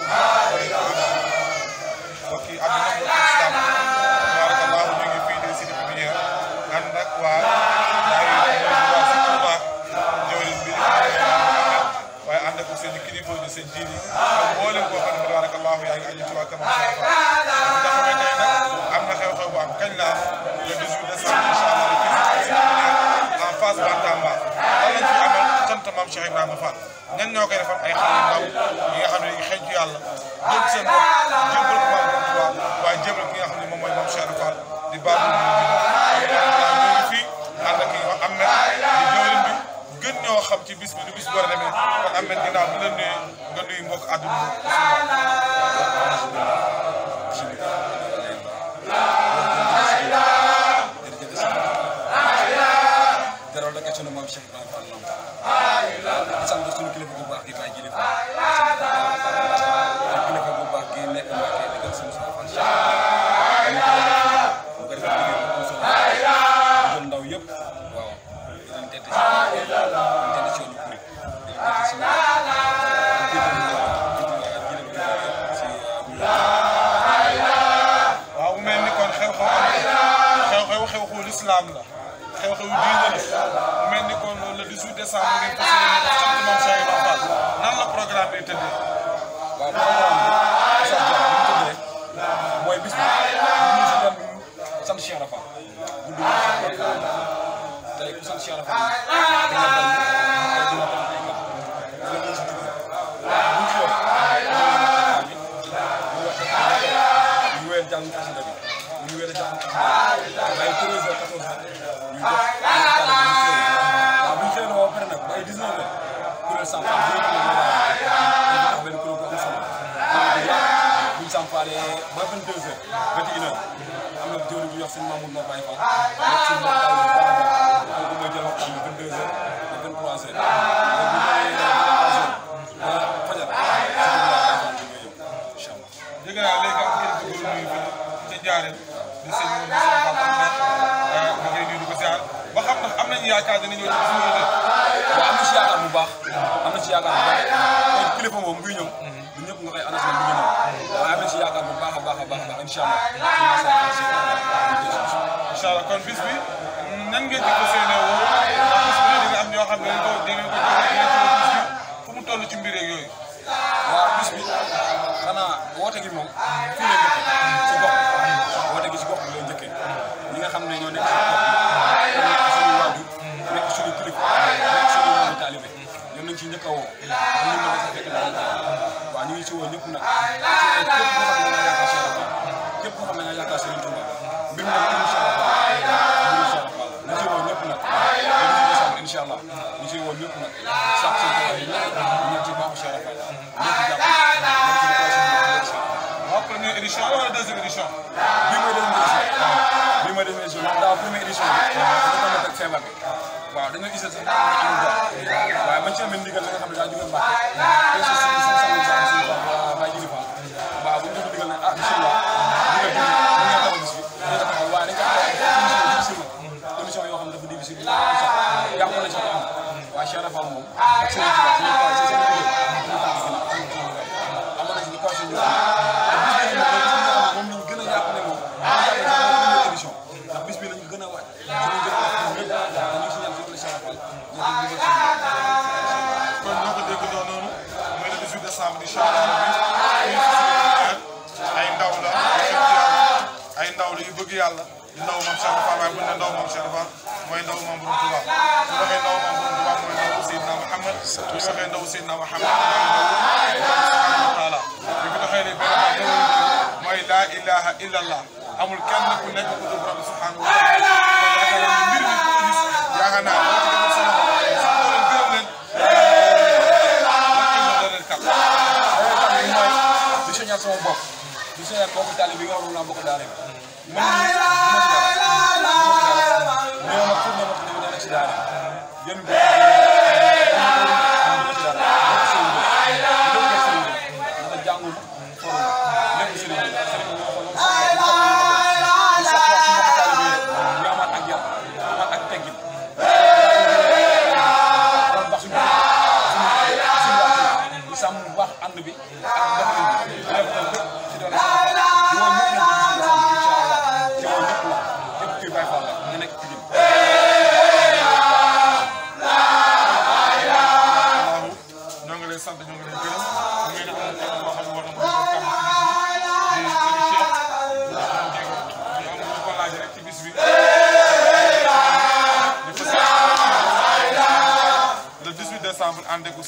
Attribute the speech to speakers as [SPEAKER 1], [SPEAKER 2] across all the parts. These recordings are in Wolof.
[SPEAKER 1] mbokki adduna ko islam tabarakallahu ñu ngi fii di Cité Pépinière ànd ak waa waa si Touba jawlin bi waaye ànd ak seen kilifa ñu seen diini ak mboolem koo xam ne tabarakallahu yaa ngi aju ci waa kanam am na xew-xew bu am kañ la le 18 décembre incha allah en face Bantamba wala ñu amal sant maam Cheikh Ibrahima Fall ñan ñoo koy defar ay xale yu ndaw yi nga xam ne yàlla jël seen bopp jébbal ko waa Borom Tuubaa waaye jébbal ki nga xam ne moom mooy moom Cheikh Fall di baalu ñu fii ànd ak yow am na di jëwrin bi gën ñoo xam ci bis bi lu bis war a demee kon am na ginnaaw bi la nuyu nga nuyu mbokk àdduna Cheikh
[SPEAKER 2] Ibrahima Cheikh Rafa tey ku sant Cheikh Rafa Sampai 22 heures, 21 heures àndal jëwriñ bi ñu wax sëñ Mamour Mor Baye Fall ak sëñ Mor Baye Fall kooku mooy jël waxtaan bi 22 heures ba 23 heures bu bàyyee ba fajar sëñ Mor Baye Fall di nga ñëw incha allah. dégg naa
[SPEAKER 1] léegi am ngeen dugg nuyu bi ca Ndiarène di sëñ Mor Moussa Fall am na ma koy nuyu di ko ziar ba xam ndax
[SPEAKER 2] am nañu yaakaar dina ñëw ci suñu yële. waaw am na ci yaakaar bu baax am na ci yaakaar bu baax kon kilifa moom buy ñëw du ñëpp nga koy annoncé bu ñu ñëw waaye am na ci yaakaar bu baax baax a baax ndax incha allah incha allah kon bis bi
[SPEAKER 1] nan ngeen di ko séenee woo ndax bis bi dina am ñoo xam ne dañ ko dañ ko
[SPEAKER 2] fu mu toll ci mbir yeeg yooyu waaw bis bi xanaa woote gi moom fii la njëkkee ci gox woote gi ci gox bi la njëkkee ñi nga xam ne ñoo nekk ci gox suñu waajur nekk suñu kilifa nekk suñu wàllu taalibe ñoom nañ ci njëkk a woo ñu ngi ko fekk daal waaw ñu ngi ci woo ñëpp nag édition bii mooy deuxième édition bii mooy deuxième édition daaw première édition bi dafa nekk ak feebar bi waaw dañoo gisal sax amul waaye man ci amee ndigal la nga xam ne daa jóge Mbàkke
[SPEAKER 1] yàlla di ndaw moom Cheikh Ibra Fall waaye bu ñu nee ndaw moom Cheikh Ibra Fall mooy ndaw moom borom Tuubaa su waxee ndaw moom borom Tuubaa mooy ndaw Seydina Muhammad su waxee ndaw Seydina Muhammad mooy ndaw subhanahu wa taala bi ko taxee ne benn baat mooy laa ilaha illa allah amul kenn ku nekk ku dul borom subhanahu wa taala mbir mi gis yaakaar naa
[SPEAKER 2] sama bopp du seen kooku tali bi nga xam ne naa bokk daara bi la la la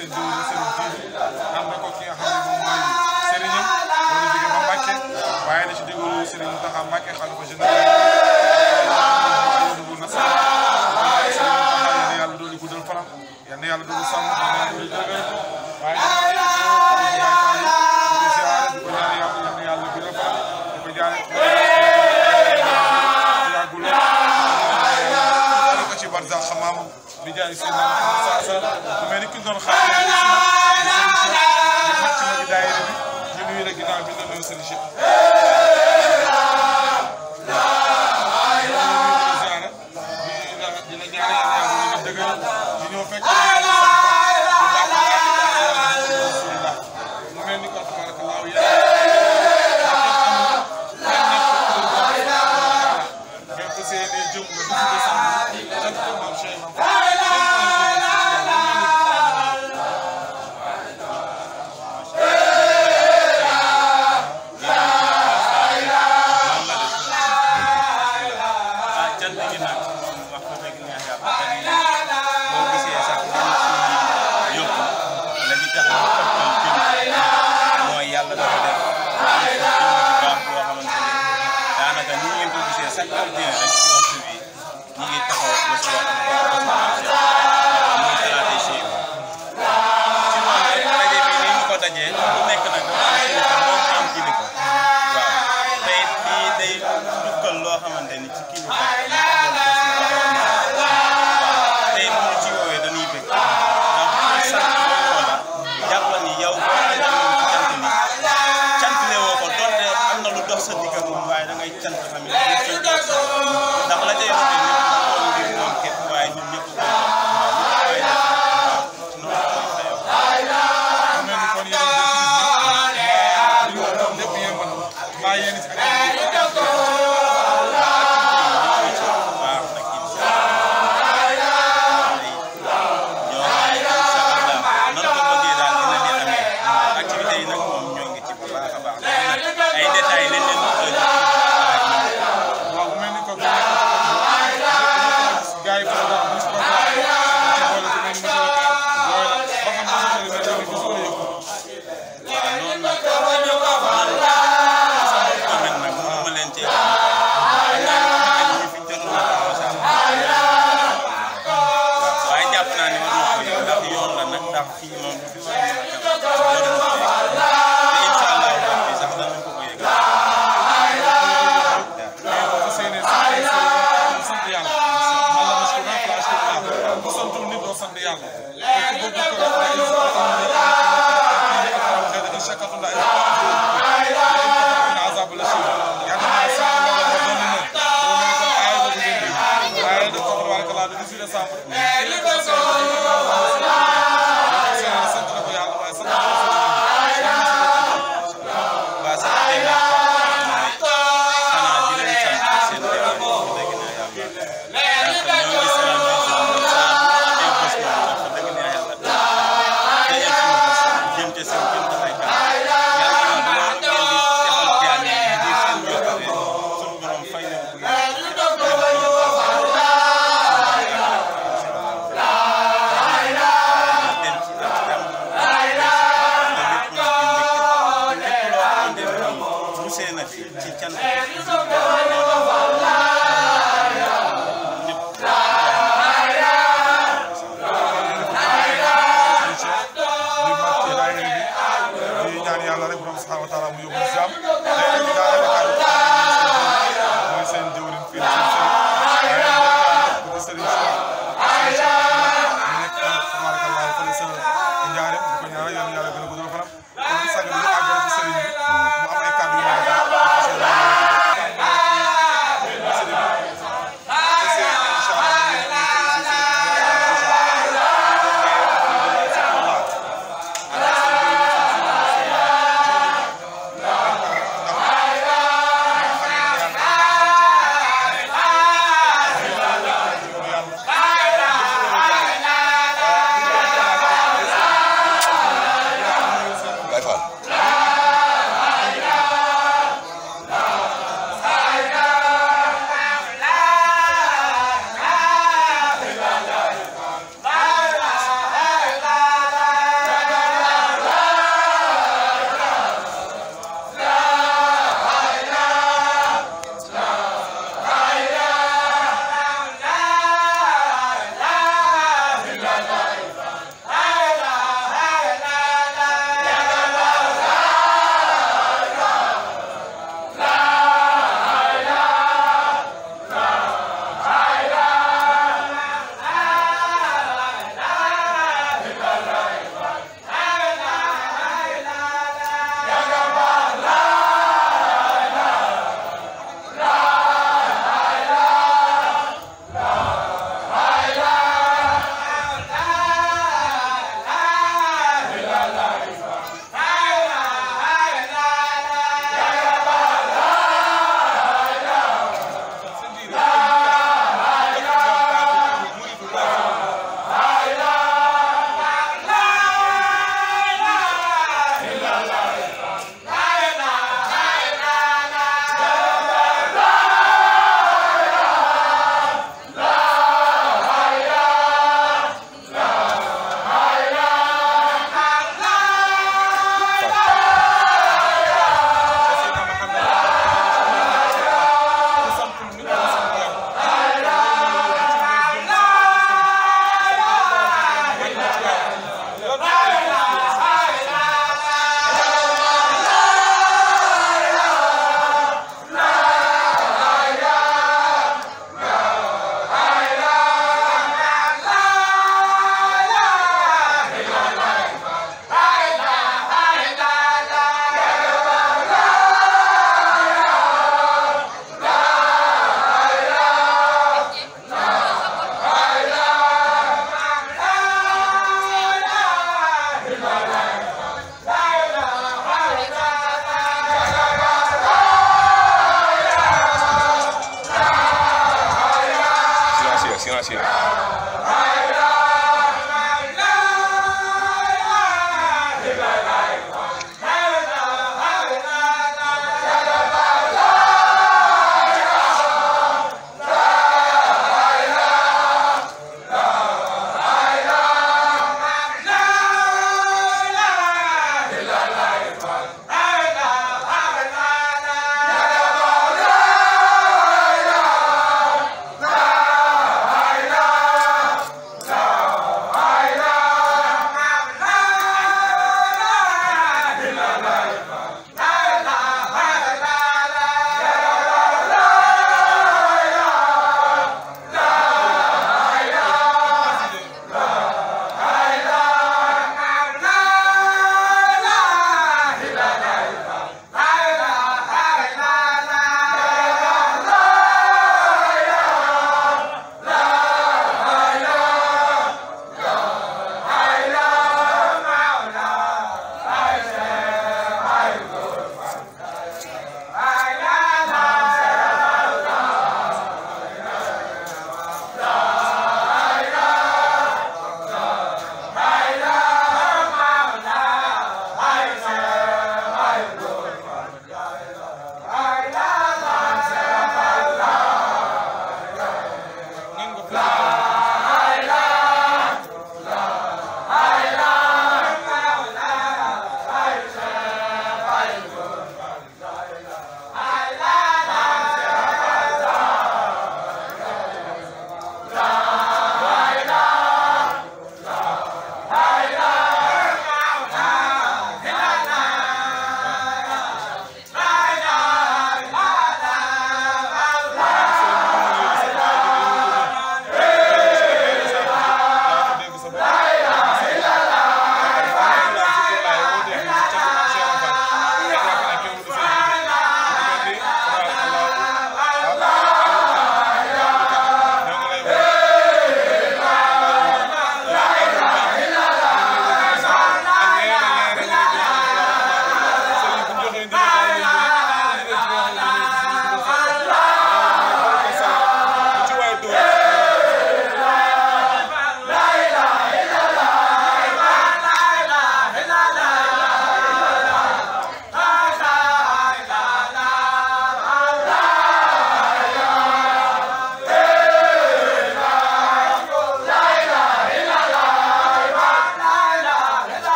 [SPEAKER 1] seen jëwriñ Serigne Djily ànd na ko ki nga xam ne moom mooy
[SPEAKER 3] Serigne am
[SPEAKER 1] loolu jóge ba Mbacke waaye na ci déglu Serigne Mountakha Mbacke xalifa général bu nasara yal na yàlla doon guddal faram yal na yàlla doon sàmm di jaay si naan
[SPEAKER 3] saa saa mel ni ki ñu doon xaar.